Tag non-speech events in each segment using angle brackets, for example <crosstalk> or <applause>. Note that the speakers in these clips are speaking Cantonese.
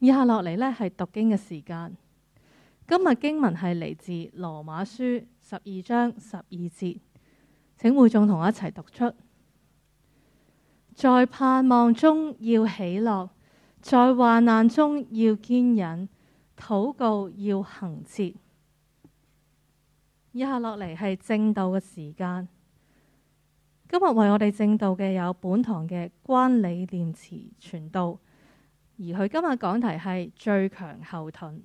以下落嚟呢係讀經嘅時間。今日經文係嚟自羅馬書十二章十二節，請會眾同我一齊讀出：在盼望中要喜樂，在患難中要堅忍，禱告要恆切。以下落嚟係正道嘅時間。今日為我哋正道嘅有本堂嘅關理念慈傳道。而佢今日講題係最強後盾。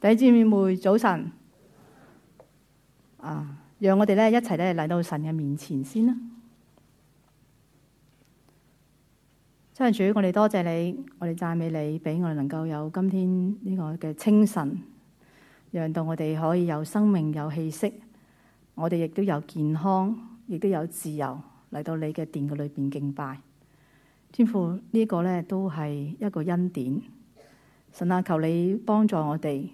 弟兄姊妹，早晨啊！讓我哋咧一齊咧嚟到神嘅面前先啦。真係主，我哋多謝你，我哋讚美你，畀我哋能夠有今天呢個嘅清晨，讓到我哋可以有生命、有氣息，我哋亦都有健康，亦都有自由嚟到你嘅殿嘅裏邊敬拜。尊父，呢、這個呢，都係一個恩典。神啊，求你幫助我哋。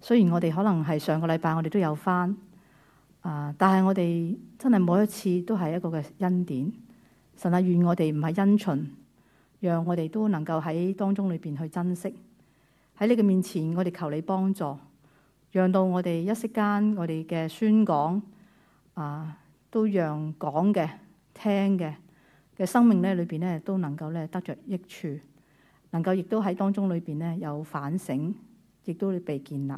雖然我哋可能係上個禮拜我哋都有返，啊，但係我哋真係每一次都係一個嘅恩典。神啊，願我哋唔係因循，讓我哋都能夠喺當中裏邊去珍惜。喺你嘅面前，我哋求你幫助，讓到我哋一息間我哋嘅宣講，啊，都讓講嘅聽嘅嘅生命咧，裏邊咧都能夠咧得着益處，能夠亦都喺當中裏邊咧有反省，亦都被建立。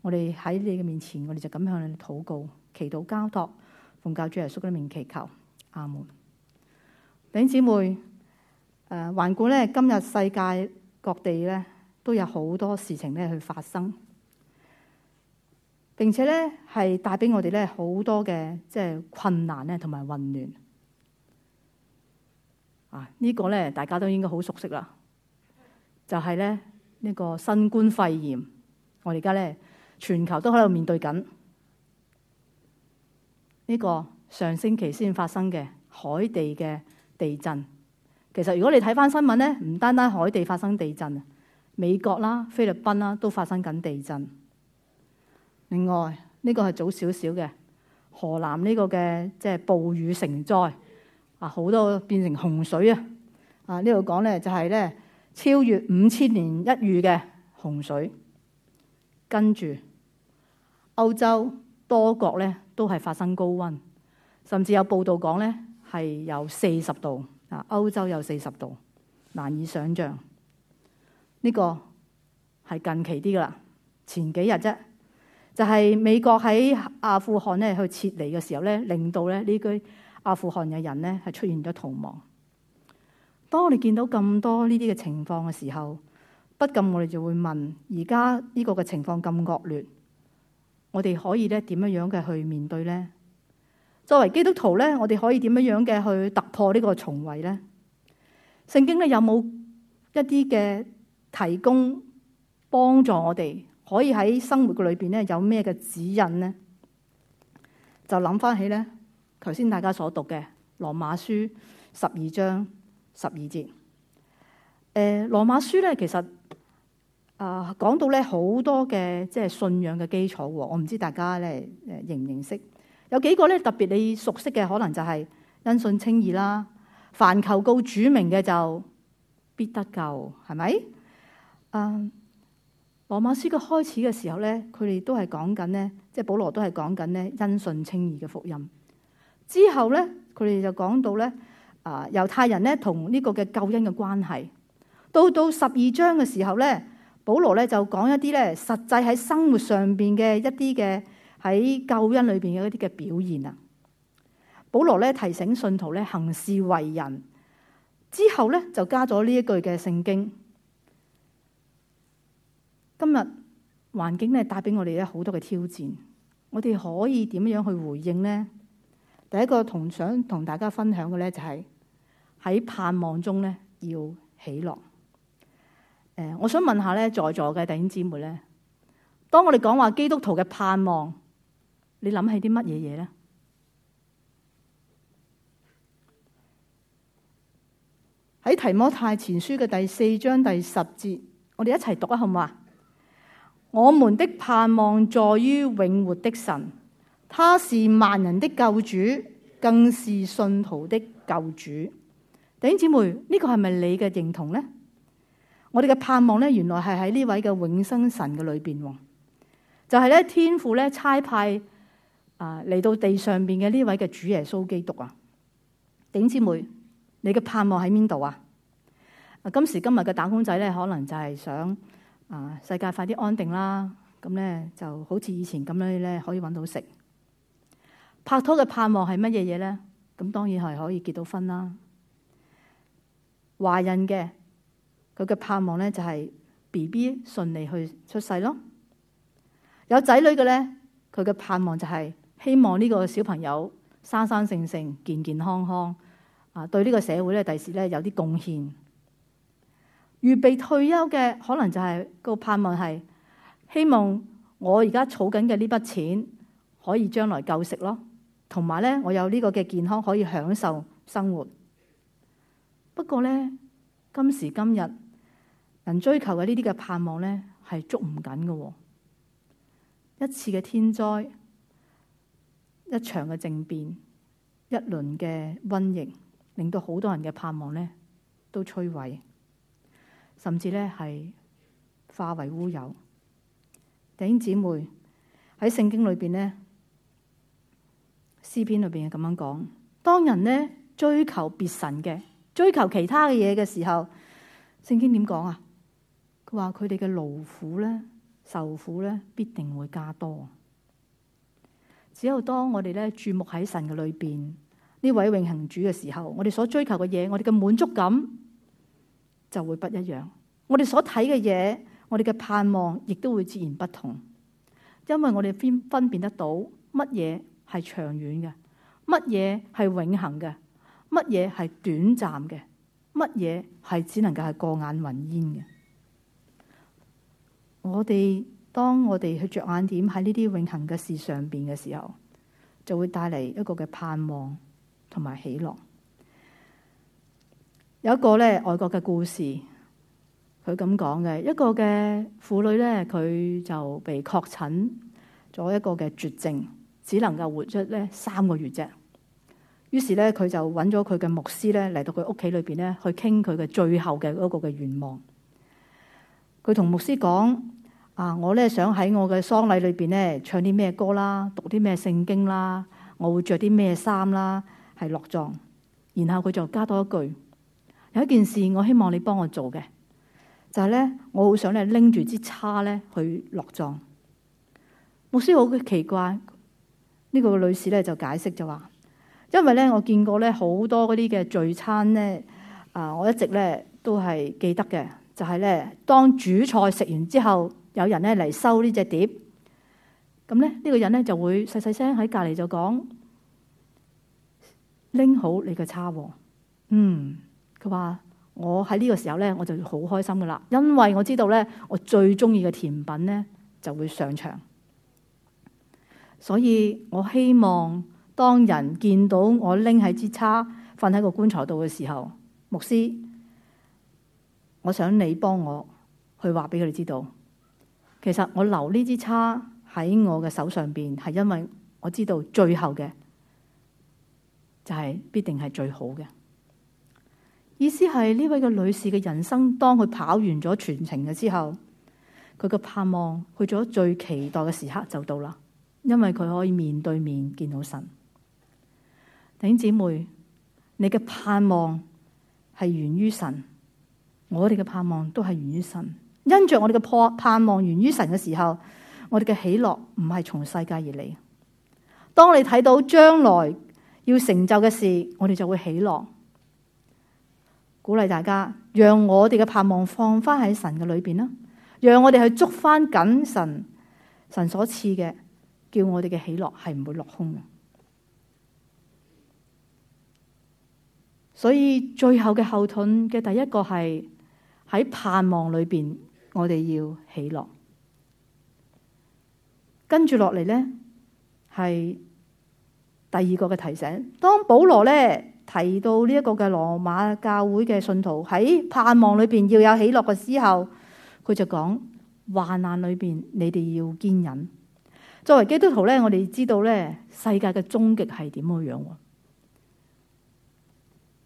我哋喺你嘅面前，我哋就咁向你禱告、祈禱、交託，奉教主耶穌嘅名祈求。阿門。弟兄姊妹，誒、呃，環顧咧今日世界各地咧都有好多事情咧去發生，並且咧係帶俾我哋咧好多嘅即係困難咧同埋混亂。啊、這個，呢個咧大家都應該好熟悉啦，就係咧呢個新冠肺炎我們現在。我哋而家咧全球都喺度面對緊，呢個上星期先發生嘅海地嘅地震。其實如果你睇翻新聞咧，唔單單海地發生地震，美國啦、啊、菲律賓啦、啊、都發生緊地震。另外呢、這個係早少少嘅河南呢個嘅即係暴雨成災。啊！好多變成洪水啊！啊呢度講咧就係咧超越五千年一遇嘅洪水。跟住歐洲多國咧都係發生高溫，甚至有報道講咧係有四十度。啊，歐洲有四十度，難以想像。呢個係近期啲噶啦，前幾日啫。就係美國喺阿富汗咧去撤離嘅時候咧，令到咧呢個。阿富汗嘅人呢，係出現咗逃亡。當我哋見到咁多呢啲嘅情況嘅時候，不禁我哋就會問：而家呢個嘅情況咁惡劣，我哋可以咧點樣樣嘅去面對呢？作為基督徒咧，我哋可以點樣樣嘅去突破呢個重圍呢？聖經咧有冇一啲嘅提供幫助我哋可以喺生活嘅裏邊咧有咩嘅指引呢？就諗翻起咧。頭先大家所讀嘅《羅馬書》十二章十二節，誒《羅馬書》咧其實啊講、呃、到咧好多嘅即係信仰嘅基礎喎。我唔知大家咧誒認唔認識有幾個咧特別你熟悉嘅，可能就係因信稱義啦。凡求告主名嘅就必得救，係咪？誒、呃《羅馬書》嘅開始嘅時候咧，佢哋都係講緊咧，即係保羅都係講緊咧，因信稱義嘅福音。之後咧，佢哋就講到咧，啊，猶太人咧同呢個嘅救恩嘅關係，到到十二章嘅時候咧，保羅咧就講一啲咧實際喺生活上邊嘅一啲嘅喺救恩裏邊嘅一啲嘅表現啊。保羅咧提醒信徒咧行事為人之後咧就加咗呢一句嘅聖經。今日環境咧帶俾我哋咧好多嘅挑戰，我哋可以點樣去回應咧？第一個同想同大家分享嘅咧，就係喺盼望中咧要喜樂。誒，我想問一下咧，在座嘅弟兄姊妹咧，當我哋講話基督徒嘅盼望，你諗起啲乜嘢嘢咧？喺提摩太前書嘅第四章第十節，我哋一齊讀啊，好唔好啊？我們的盼望在於永活的神。他是萬人的救主，更是信徒的救主。弟兄姊妹，呢個係咪你嘅認同呢？我哋嘅盼望咧，原來係喺呢位嘅永生神嘅裏邊喎。就係咧，天父咧差派啊嚟到地上邊嘅呢位嘅主耶穌基督啊。弟兄姊妹，你嘅盼望喺邊度啊？今時今日嘅打工仔咧，可能就係想啊，世界快啲安定啦，咁咧就好似以前咁樣咧，可以搵到食。拍拖嘅盼望係乜嘢嘢咧？咁當然係可以結到婚啦。懷孕嘅佢嘅盼望咧就係 B B 順利去出世咯。有仔女嘅咧，佢嘅盼望就係希望呢個小朋友生生性性健健康康啊，對呢個社會咧第時咧有啲貢獻。預備退休嘅可能就係、是、個盼望係希望我而家儲緊嘅呢筆錢可以將來夠食咯。同埋咧，我有呢個嘅健康可以享受生活。不過咧，今時今日人追求嘅呢啲嘅盼望咧，係捉唔緊嘅。一次嘅天災，一場嘅政變，一輪嘅瘟疫，令到好多人嘅盼望咧都摧毀，甚至咧係化為烏有。弟兄姊妹，喺聖經裏邊咧。詩篇裏邊係咁樣講：當人咧追求別神嘅，追求其他嘅嘢嘅時候，聖經點講啊？佢話：佢哋嘅勞苦咧，受苦咧，必定會加多。只有當我哋咧注目喺神嘅裏邊，呢位永恆主嘅時候，我哋所追求嘅嘢，我哋嘅滿足感就會不一樣。我哋所睇嘅嘢，我哋嘅盼望，亦都會截然不同，因為我哋邊分辨得到乜嘢係長遠嘅，乜嘢係永恆嘅？乜嘢係短暫嘅？乜嘢係只能夠係過眼雲煙嘅？我哋當我哋去着眼點喺呢啲永恆嘅事上面嘅時候，就會帶嚟一個嘅盼望同埋喜樂。有一個咧外國嘅故事，佢咁講嘅，一個嘅婦女咧，佢就被確診咗一個嘅絕症。只能夠活出咧三個月啫。於是咧，佢就揾咗佢嘅牧師咧嚟到佢屋企裏邊咧，去傾佢嘅最後嘅嗰個嘅願望。佢同牧師講：啊，我咧想喺我嘅喪禮裏邊咧唱啲咩歌啦，讀啲咩聖經啦，我會着啲咩衫啦，係落葬。然後佢就加多一句，有一件事我希望你幫我做嘅，就係咧，我好想咧拎住支叉咧去落葬。牧師好奇怪。呢、這個女士咧就解釋就話，因為咧我見過咧好多嗰啲嘅聚餐咧，啊、呃、我一直咧都係記得嘅，就係、是、咧當主菜食完之後，有人咧嚟收呢隻碟，咁咧呢、這個人咧就會細細聲喺隔籬就講拎好你嘅叉喎，嗯，佢話我喺呢個時候咧我就好開心㗎喇，因為我知道咧我最鍾意嘅甜品咧就會上場。所以我希望，當人見到我拎喺支叉瞓喺個棺材度嘅時候，牧師，我想你幫我去話俾佢哋知道，其實我留呢支叉喺我嘅手上邊，係因為我知道最後嘅就係、是、必定係最好嘅。意思係呢位嘅女士嘅人生，當佢跑完咗全程嘅之後，佢嘅盼望去咗最期待嘅時刻就到啦。因為佢可以面對面見到神，弟兄姐妹，你嘅盼望係源於神，我哋嘅盼望都係源於神。因着我哋嘅盼望源於神嘅時候，我哋嘅喜樂唔係從世界而嚟。當你睇到將來要成就嘅事，我哋就會喜樂。鼓勵大家，讓我哋嘅盼望放翻喺神嘅裏邊啦，讓我哋去捉翻緊神神所賜嘅。叫我哋嘅喜樂係唔會落空嘅，所以最後嘅後盾嘅第一個係喺盼望裏邊，我哋要喜樂。跟住落嚟呢，係第二個嘅提醒。當保羅呢提到呢一個嘅羅馬教會嘅信徒喺盼望裏邊要有喜樂嘅時候，他說，佢就講患難裏邊你哋要堅忍。作為基督徒咧，我哋知道咧，世界嘅終極係點樣樣？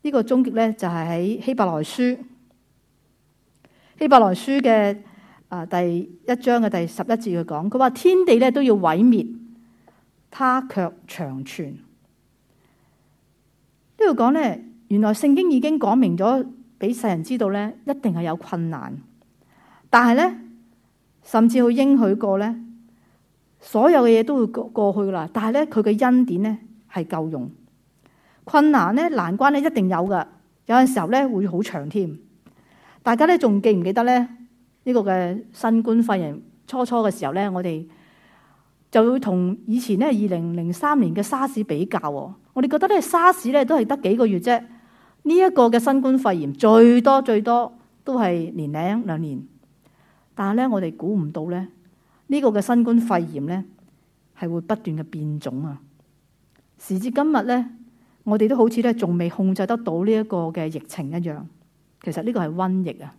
呢個終極咧就係喺希伯來書，希伯來書嘅啊第一章嘅第十一節佢講，佢話天地咧都要毀滅，他卻長存。呢度講咧，原來聖經已經講明咗俾世人知道咧，一定係有困難，但係咧，甚至去應許過咧。所有嘅嘢都會過去㗎喇，但係咧，佢嘅恩典咧係夠用。困難咧、難關咧一定有㗎，有陣時候咧會好長添。大家咧仲記唔記得咧？呢個嘅新冠肺炎初初嘅時候咧，我哋就會同以前咧二零零三年嘅沙士比較喎。我哋覺得咧沙士咧都係得幾個月啫，呢一個嘅新冠肺炎最多最多都係年零兩年，但係咧我哋估唔到咧。呢、個嘅新冠肺炎呢，係會不斷嘅變種啊！時至今日呢，我哋都好似咧仲未控制得到呢一個嘅疫情一樣。其實呢個係瘟疫啊！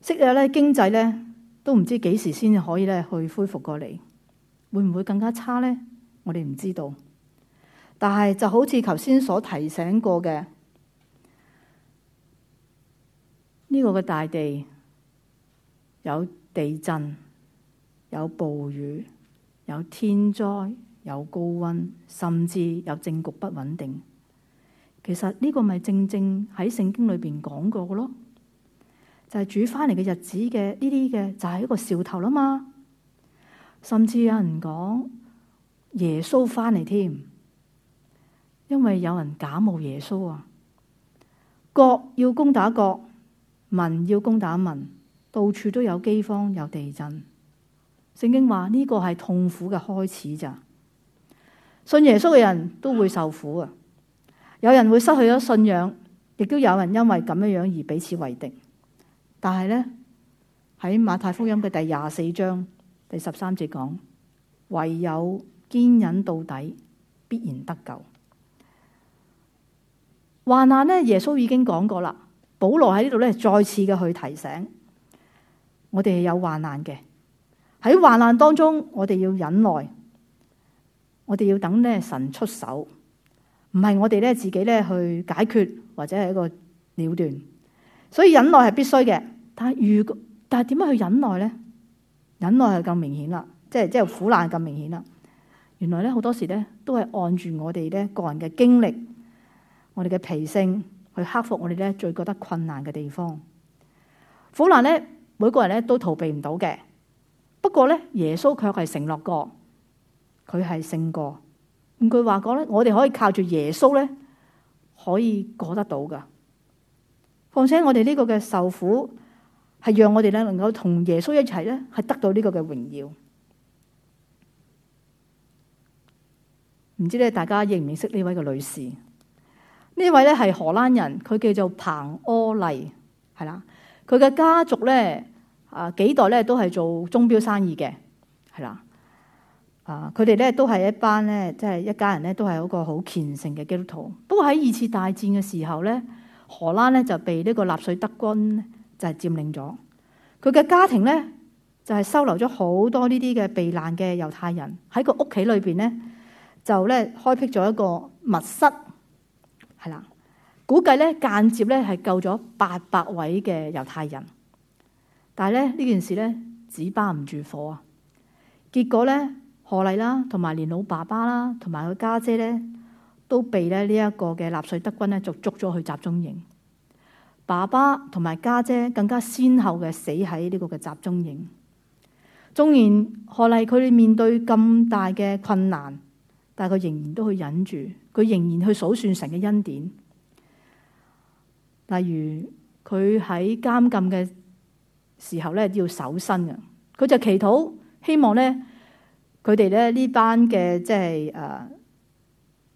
昔日呢，經濟呢，都唔知幾時先可以咧去恢復過嚟，會唔會更加差呢？我哋唔知道。但係就好似頭先所提醒過嘅，呢、個嘅大地有。地震、有暴雨、有天災、有高溫，甚至有政局不穩定。其實呢個咪正正喺聖經裏邊講過咯，就係主翻嚟嘅日子嘅呢啲嘅，就係一個兆頭啦嘛。甚至有人講耶穌翻嚟添，因為有人假冒耶穌啊。國要攻打國，民要攻打民。到處都有饑荒，有地震。聖經話呢個係痛苦嘅開始咋。信耶穌嘅人都會受苦啊！有人會失去咗信仰，亦都有人因為咁樣樣而彼此為敵。但係呢，喺馬太福音嘅第廿四章第十三節講，唯有堅忍到底，必然得救。患難呢，耶穌已經講過啦。保羅喺呢度呢，再次嘅去提醒。我哋係有患難嘅，喺患難當中，我哋要忍耐，我哋要等咧神出手，唔係我哋咧自己咧去解決或者係一個了斷，所以忍耐係必須嘅。但係如果，但係點樣去忍耐咧？忍耐係咁明顯啦，即係即係苦難咁明顯啦。原來咧好多時咧都係按住我哋咧個人嘅經歷，我哋嘅脾性去克服我哋咧最覺得困難嘅地方，苦難咧。每個人咧都逃避唔到嘅，不過咧耶穌卻係承諾過，佢係勝過。換句話講咧，我哋可以靠住耶穌咧，可以過得到噶。況且我哋呢個嘅受苦，係讓我哋咧能夠同耶穌一齊咧，係得到呢個嘅榮耀。唔知咧大家認唔認識呢位嘅女士？呢位咧係荷蘭人，佢叫做彭柯麗，係啦。佢嘅家族咧，啊幾代咧都係做鐘錶生意嘅，係啦。啊，佢哋咧都係一班咧，即係一家人咧都係一個好虔誠嘅基督徒。不過喺二次大戰嘅時候咧，荷蘭咧就被呢個納粹德軍就係佔領咗。佢嘅家庭咧就係收留咗好多呢啲嘅避難嘅猶太人，喺個屋企裏邊咧就咧開闢咗一個密室，係啦。估計咧間接咧係救咗八百位嘅猶太人，但，但係咧呢件事咧紙包唔住火啊！結果咧，何麗啦，同埋連老爸爸啦，同埋佢家姐咧，都被咧呢一個嘅納粹德軍咧就捉咗去集中營。爸爸同埋家姐更加先後嘅死喺呢個嘅集中營。縱然何麗佢哋面對咁大嘅困難，但係佢仍然都去忍住，佢仍然去數算神嘅恩典。例如佢喺監禁嘅時候咧，要守身嘅，佢就祈禱希望咧、就是，佢哋咧呢班嘅即係誒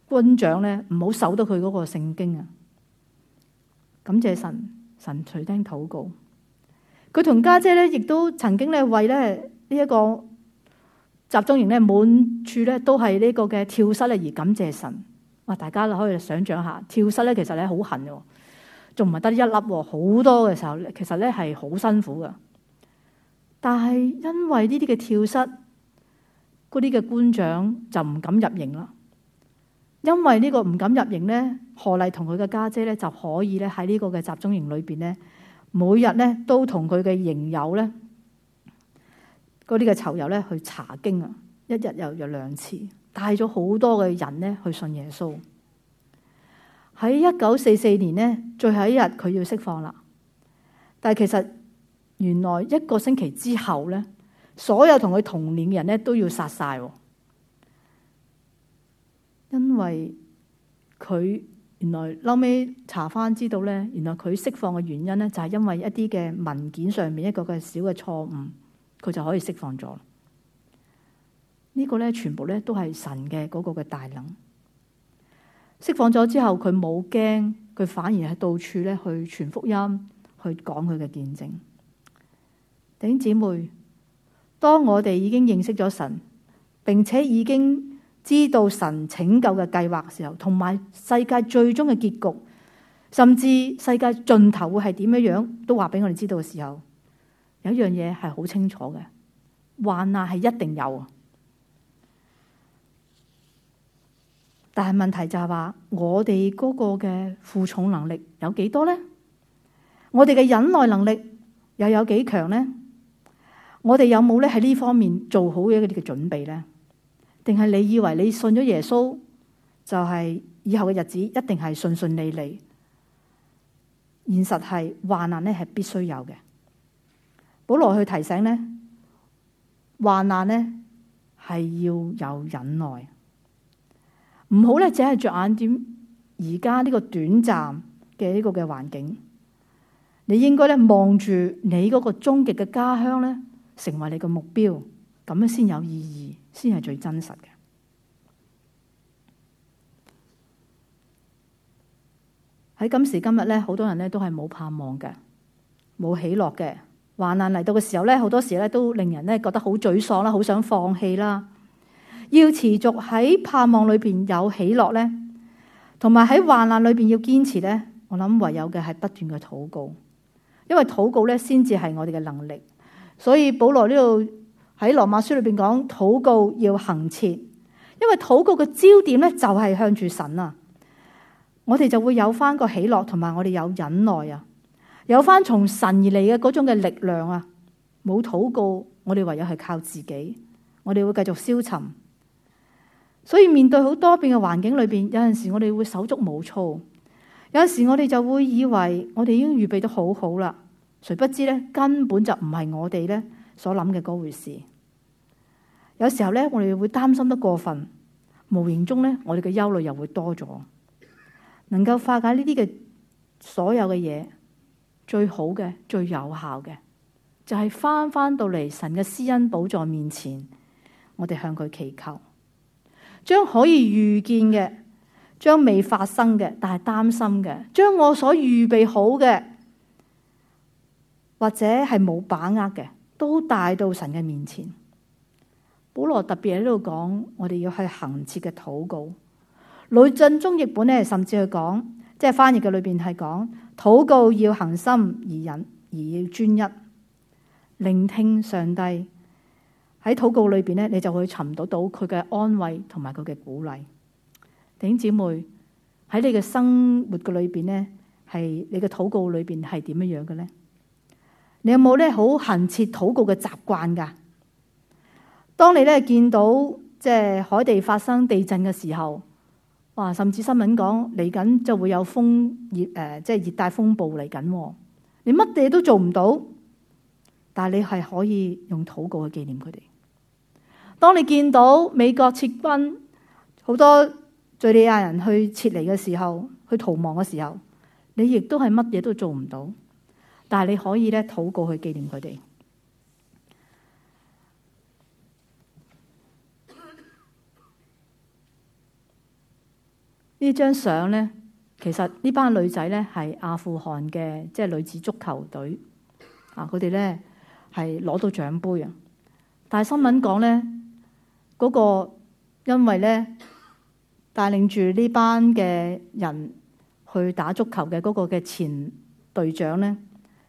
軍長咧，唔好守到佢嗰個聖經啊！感謝神，神垂聽禱告。佢同家姐咧，亦都曾經咧為咧呢一個集中營咧，滿處咧都係呢個嘅跳蚤咧而感謝神。哇！大家可以想象一下跳蚤咧，其實咧好痕嘅。仲唔係得一粒，好多嘅時候，其實咧係好辛苦噶。但係因為呢啲嘅跳蚤，嗰啲嘅官長就唔敢入營啦。因為呢個唔敢入營咧，何麗同佢嘅家姐咧就可以咧喺呢個嘅集中營裏邊咧，每日咧都同佢嘅營友咧，嗰啲嘅囚友咧去查經啊，一日又有兩次，帶咗好多嘅人咧去信耶穌。喺一九四四年呢，最後一日佢要釋放啦。但係其實原來一個星期之後咧，所有同佢同年嘅人咧都要殺晒。因為佢原來撈尾查翻，知道咧，原來佢釋放嘅原因咧，就係因為一啲嘅文件上面一個嘅小嘅錯誤，佢就可以釋放咗。這個、呢個咧，全部咧都係神嘅嗰個嘅大能。釋放咗之後，佢冇驚，佢反而係到處咧去傳福音，去講佢嘅見證。弟兄姊妹，當我哋已經認識咗神，並且已經知道神拯救嘅計劃時候，同埋世界最終嘅結局，甚至世界盡頭會係點樣樣，都話俾我哋知道嘅時候，有一樣嘢係好清楚嘅，患難、啊、係一定有。但係問題就係話，我哋嗰個嘅負重能力有幾多呢？我哋嘅忍耐能力又有幾強呢？我哋有冇咧喺呢方面做好嘅一啲嘅準備呢？定係你以為你信咗耶穌就係以後嘅日子一定係順順利利？現實係患難咧係必須有嘅。保羅去提醒呢，患難呢係要有忍耐。唔好咧，只係着眼點，而家呢個短暫嘅，呢個嘅環境，你應該咧望住你嗰個終極嘅家鄉咧，成為你嘅目標，咁樣先有意義，先係最真實嘅。喺今時今日咧，好多人咧都係冇盼望嘅，冇喜樂嘅，患難嚟到嘅時候咧，好多時咧都令人咧覺得好沮喪啦，好想放棄啦。要持續喺盼望裏邊有喜樂咧，同埋喺患難裏邊要堅持咧，我諗唯有嘅係不斷嘅禱告，因為禱告咧先至係我哋嘅能力。所以保羅呢度喺羅馬書裏邊講禱告要恆切，因為禱告嘅焦點咧就係向住神啊，我哋就會有翻個喜樂同埋我哋有忍耐啊，有翻從神而嚟嘅嗰種嘅力量啊。冇禱告，我哋唯有係靠自己，我哋會繼續消沉。所以面對好多變嘅環境裏邊，有陣時我哋會手足無措；有陣時我哋就會以為我哋已經預備得好好啦。誰不知咧，根本就唔係我哋咧所諗嘅嗰回事。有時候咧，我哋會擔心得過分，無形中咧，我哋嘅憂慮又會多咗。能夠化解呢啲嘅所有嘅嘢，最好嘅、最有效嘅，就係翻翻到嚟神嘅施恩寶座面前，我哋向佢祈求。將可以預見嘅，將未發生嘅，但係擔心嘅，將我所預備好嘅，或者係冇把握嘅，都帶到神嘅面前。保羅特別喺度講，我哋要去恆切嘅禱告。呂振中譯本呢，甚至去講，即係翻譯嘅裏邊係講，禱告要恆心、而忍，而要專一，聆聽上帝。喺禱告裏邊咧，你就會尋到到佢嘅安慰同埋佢嘅鼓勵。弟兄姊妹，喺你嘅生活嘅裏邊咧，係你嘅禱告裏邊係點樣樣嘅咧？你有冇咧好恒切禱告嘅習慣噶？當你咧見到即係海地發生地震嘅時候，哇！甚至新聞講嚟緊就會有風熱誒，即係熱帶風暴嚟緊，你乜嘢都做唔到，但係你係可以用禱告去紀念佢哋。當你見到美國撤軍，好多敍利亞人去撤離嘅時候，去逃亡嘅時候，你亦都係乜嘢都做唔到，但係你可以咧禱告去紀念佢哋。 <laughs> 呢張相咧，其實呢班女仔咧係阿富汗嘅，即係女子足球隊啊，佢哋咧係攞到獎杯啊，但係新聞講咧。嗰、那個因為咧帶領住呢班嘅人去打足球嘅嗰個嘅前隊長咧，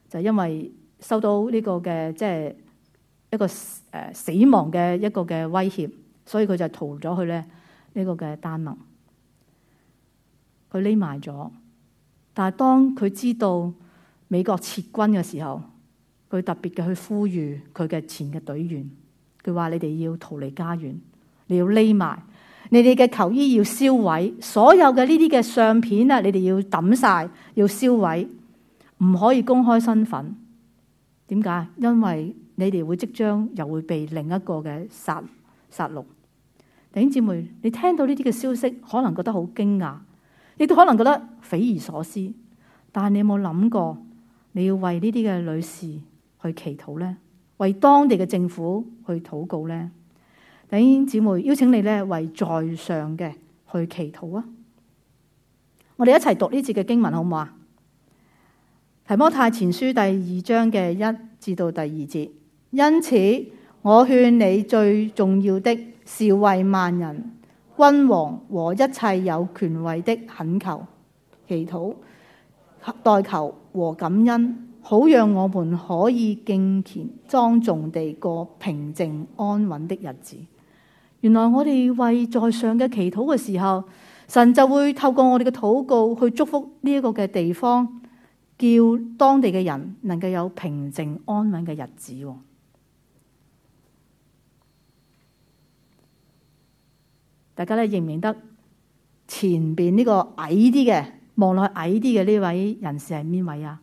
就因為收到呢個嘅即係一個誒死亡嘅一個嘅威脅，所以佢就逃咗去咧呢、這個嘅丹麥，佢匿埋咗。但係當佢知道美國撤軍嘅時候，佢特別嘅去呼籲佢嘅前嘅隊員。佢話：你哋要逃離家園，你要匿埋，你哋嘅球衣要燒毀，所有嘅呢啲嘅相片啊，你哋要抌晒，要燒毀，唔可以公開身份。點解？因為你哋會即將又會被另一個嘅殺殺戮。弟兄姊妹，你聽到呢啲嘅消息，可能覺得好驚訝，亦都可能覺得匪夷所思。但係你有冇諗過，你要為呢啲嘅女士去祈禱咧？為當地嘅政府去禱告呢，弟兄姊妹邀請你呢，為在上嘅去祈禱啊！我哋一齊讀呢節嘅經文好唔好啊？提摩太前書第二章嘅一至到第二節，因此我勸你最重要的是為萬人、君王和一切有權位的懇求、祈禱、代求和感恩。好讓我們可以敬虔莊重地過平靜安穩的日子。原來我哋為在上嘅祈禱嘅時候，神就會透過我哋嘅禱告去祝福呢一個嘅地方，叫當地嘅人能夠有平靜安穩嘅日子。大家咧認唔認得前邊呢個矮啲嘅，望落去矮啲嘅呢位人士係邊位啊？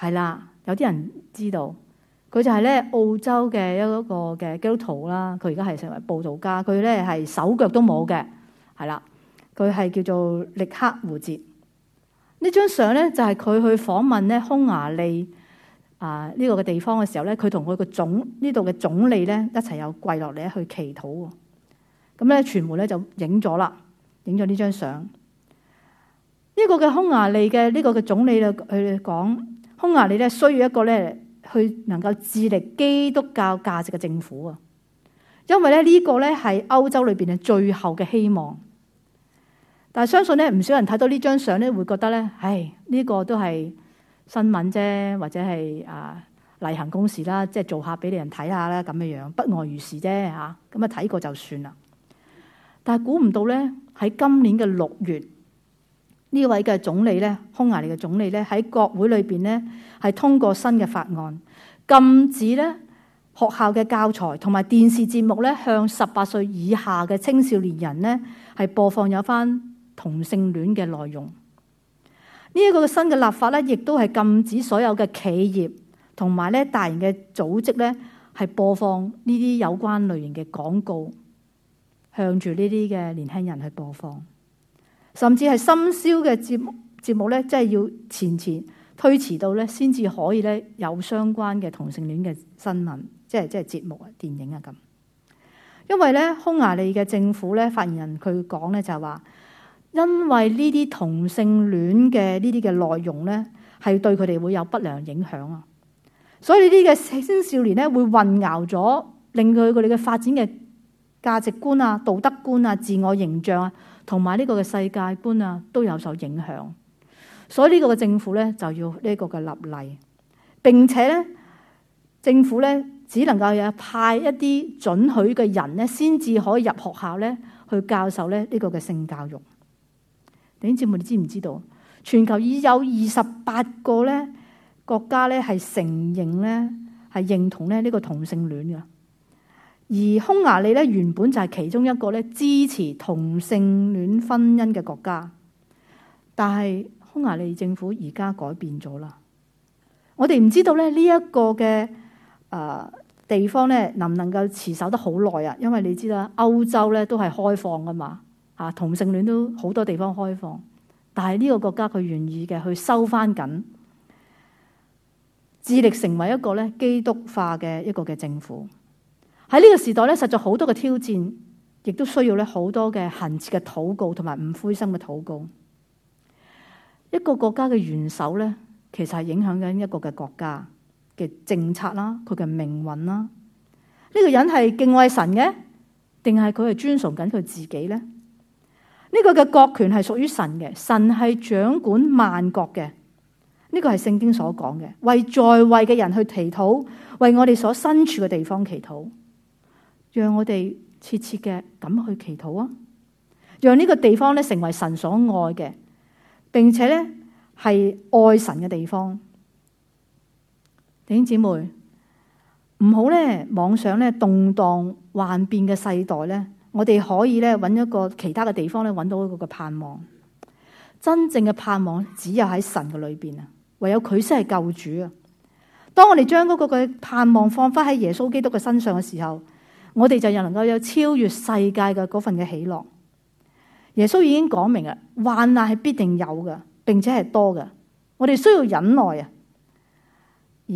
係啦，有啲人知道佢就係咧澳洲嘅一個嘅基督徒啦。佢而家係成為佈道家，佢咧係手腳都冇嘅。係啦，佢係叫做力克胡哲。呢張相咧就係佢去訪問咧匈牙利啊呢個嘅地方嘅時候咧，佢同佢個總呢度嘅總理咧一齊有跪落嚟去祈禱。咁咧傳媒咧就影咗啦，影咗呢張相。呢個嘅匈牙利嘅呢個嘅總理咧佢哋講。匈牙利咧需要一個咧去能夠致力基督教價值嘅政府啊，因為咧呢個咧係歐洲裏邊嘅最後嘅希望。但係相信咧唔少人睇到呢張相咧會覺得咧，唉、這、呢個都係新聞啫，或者係啊例行公事啦，即係做下俾你人睇下啦咁樣樣，不外如是啫吓。咁啊睇過就算啦。但係估唔到咧喺今年嘅六月。呢位嘅總理咧，匈牙利嘅總理咧，喺國會裏邊咧，係通過新嘅法案，禁止咧學校嘅教材同埋電視節目咧，向十八歲以下嘅青少年人咧，係播放有翻同性戀嘅內容。呢、這、一個新嘅立法咧，亦都係禁止所有嘅企業同埋咧大型嘅組織咧，係播放呢啲有關類型嘅廣告，向住呢啲嘅年輕人去播放。甚至係深宵嘅節目節目咧，即係要前前推遲到咧，先至可以咧有相關嘅同性戀嘅新聞，即係即係節目啊、電影啊咁。因為咧，匈牙利嘅政府咧，發言人佢講咧就係話，因為呢啲同性戀嘅呢啲嘅內容咧，係對佢哋會有不良影響啊，所以呢啲嘅青少年咧會混淆咗，令佢佢哋嘅發展嘅。價值觀啊、道德觀啊、自我形象啊，同埋呢個嘅世界觀啊，都有受影響。所以呢個嘅政府咧就要呢個嘅立例，並且咧政府咧只能夠派一啲準許嘅人咧，先至可以入學校咧去教授咧呢個嘅性教育。點知你知唔知道？全球已有二十八個咧國家咧係承認咧係認同咧呢個同性戀㗎。而匈牙利咧原本就係其中一個咧支持同性戀婚姻嘅國家，但係匈牙利政府而家改變咗啦。我哋唔知道咧呢一個嘅誒地方咧能唔能夠持守得好耐啊。因為你知啦，歐洲咧都係開放噶嘛，吓，同性戀都好多地方開放，但係呢個國家佢願意嘅去收返緊，致力成為一個咧基督化嘅一個嘅政府。喺呢個時代咧，實在好多嘅挑戰，亦都需要咧好多嘅恒切嘅禱告，同埋唔灰心嘅禱告。一個國家嘅元首咧，其實係影響緊一個嘅國家嘅政策啦，佢嘅命運啦。呢個人係敬畏神嘅，定係佢係尊崇緊佢自己咧？呢個嘅國權係屬於神嘅，神係掌管萬國嘅。呢個係聖經所講嘅，為在位嘅人去祈禱，為我哋所身處嘅地方祈禱。讓我哋切切嘅咁去祈禱啊，讓呢個地方咧成為神所愛嘅，並且咧係愛神嘅地方。弟兄姊妹唔好咧妄想咧動盪幻變嘅世代咧，我哋可以咧揾一個其他嘅地方咧揾到嗰個盼望。真正嘅盼望只有喺神嘅裏邊啊，唯有佢先係救主啊。當我哋將嗰個嘅盼望放翻喺耶穌基督嘅身上嘅時候，我哋就又能夠有超越世界嘅嗰份嘅喜樂。耶穌已經講明啦，患難係必定有嘅，並且係多嘅。我哋需要忍耐啊，而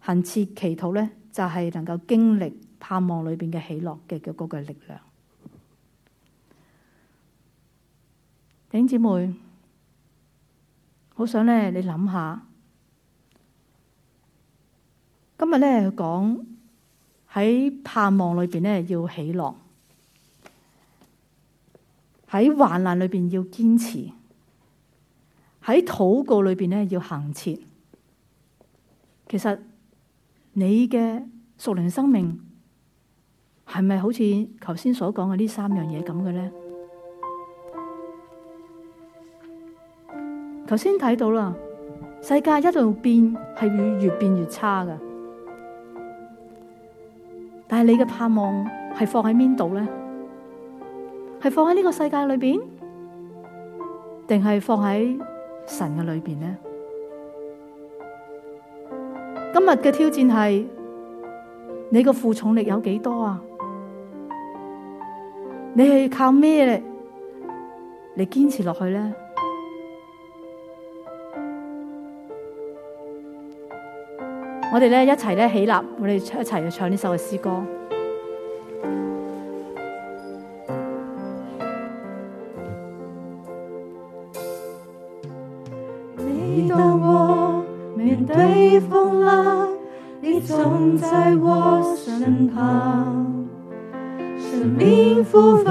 行切祈禱咧，就係、是、能夠經歷盼望裏邊嘅喜樂嘅嘅嗰個力量。弟兄姊妹，好想咧，你諗下，今日咧佢講。喺盼望裏邊咧要喜樂，喺患難裏邊要堅持，喺禱告裏邊咧要恆切。其實你嘅屬靈生命係咪好似頭先所講嘅呢三樣嘢咁嘅咧？頭先睇到啦，世界一路變係越越變越差噶。但係你嘅盼望係放喺邊度咧？係放喺呢個世界裏邊，定係放喺神嘅裏邊咧？今日嘅挑戰係你個負重力有幾多啊？你係靠咩嚟堅持落去咧？我哋呢一齊起立，我哋一齊去唱呢首嘅詩歌。每當我面對風浪，你總在我身旁，生命富足。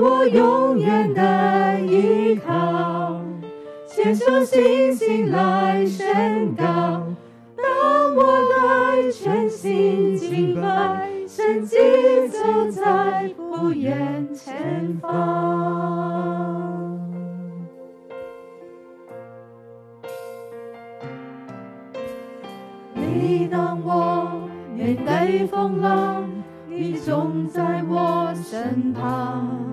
我永遠的依靠，牽手星星來宣告，當我來全心敬拜，神蹟走在不遠前方。你當我面對風浪，你總在我身旁。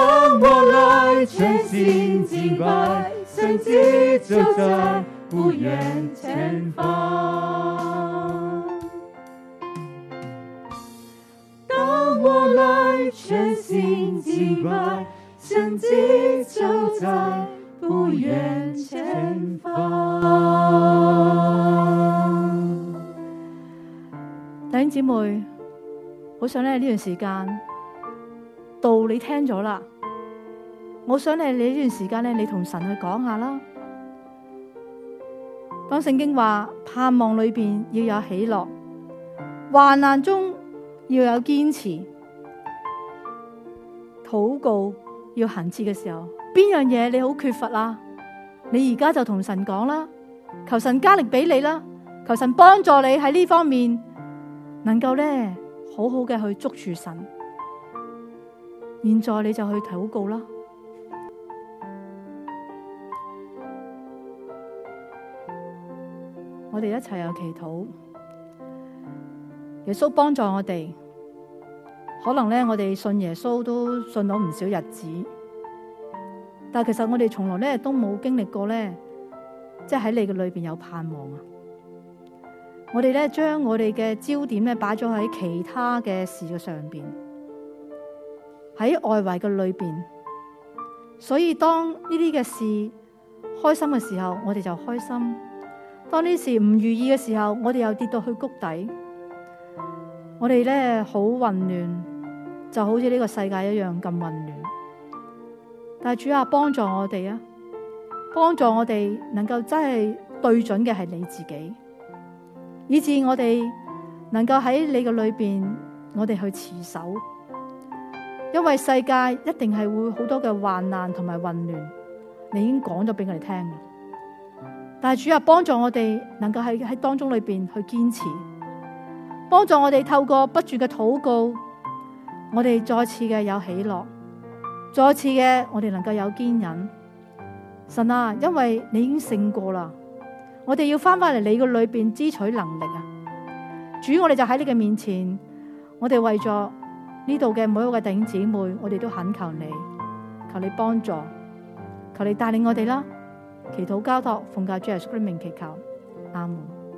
當我來，全心敬拜，神蹟就在不遠前方。當我來，全心敬拜，神蹟就在不遠前方。弟兄姊妹，好想呢，呢段時間。道你聽咗啦，我想你呢段時間咧，你同神去講下啦。當聖經話，盼望裏邊要有喜樂，患難中要有堅持，禱告要恆切嘅時候，邊樣嘢你好缺乏啦？你而家就同神講啦，求神加力俾你啦，求神幫助你喺呢方面能夠咧好好嘅去捉住神。現在你就去禱告啦！我哋一齊有祈禱，耶穌幫助我哋。可能咧，我哋信耶穌都信咗唔少日子，但係其實我哋從來咧都冇經歷過咧，即係喺你嘅裏邊有盼望啊！我哋咧將我哋嘅焦點咧擺咗喺其他嘅事嘅上邊。喺外圍嘅裏邊，所以當呢啲嘅事開心嘅時候，我哋就開心；當呢事唔如意嘅時候，我哋又跌到去谷底，我哋咧好混亂，就好似呢個世界一樣咁混亂。但係主要幫助我哋啊，幫助我哋能夠真係對準嘅係你自己，以至我哋能夠喺你嘅裏邊，我哋去持守。因為世界一定係會好多嘅患難同埋混亂，你已經講咗俾我哋聽。但係主啊，幫助我哋能夠喺喺當中裏邊去堅持，幫助我哋透過不住嘅禱告，我哋再次嘅有喜樂，再次嘅我哋能夠有堅忍。神啊，因為你已經勝過啦，我哋要翻返嚟你嘅裏邊支取能力啊！主，我哋就喺你嘅面前，我哋為咗。呢度嘅每一個弟兄姊妹，我哋都懇求你，求你幫助，求你帶領我哋啦。祈禱交託，奉教主耶穌名祈求，阿門。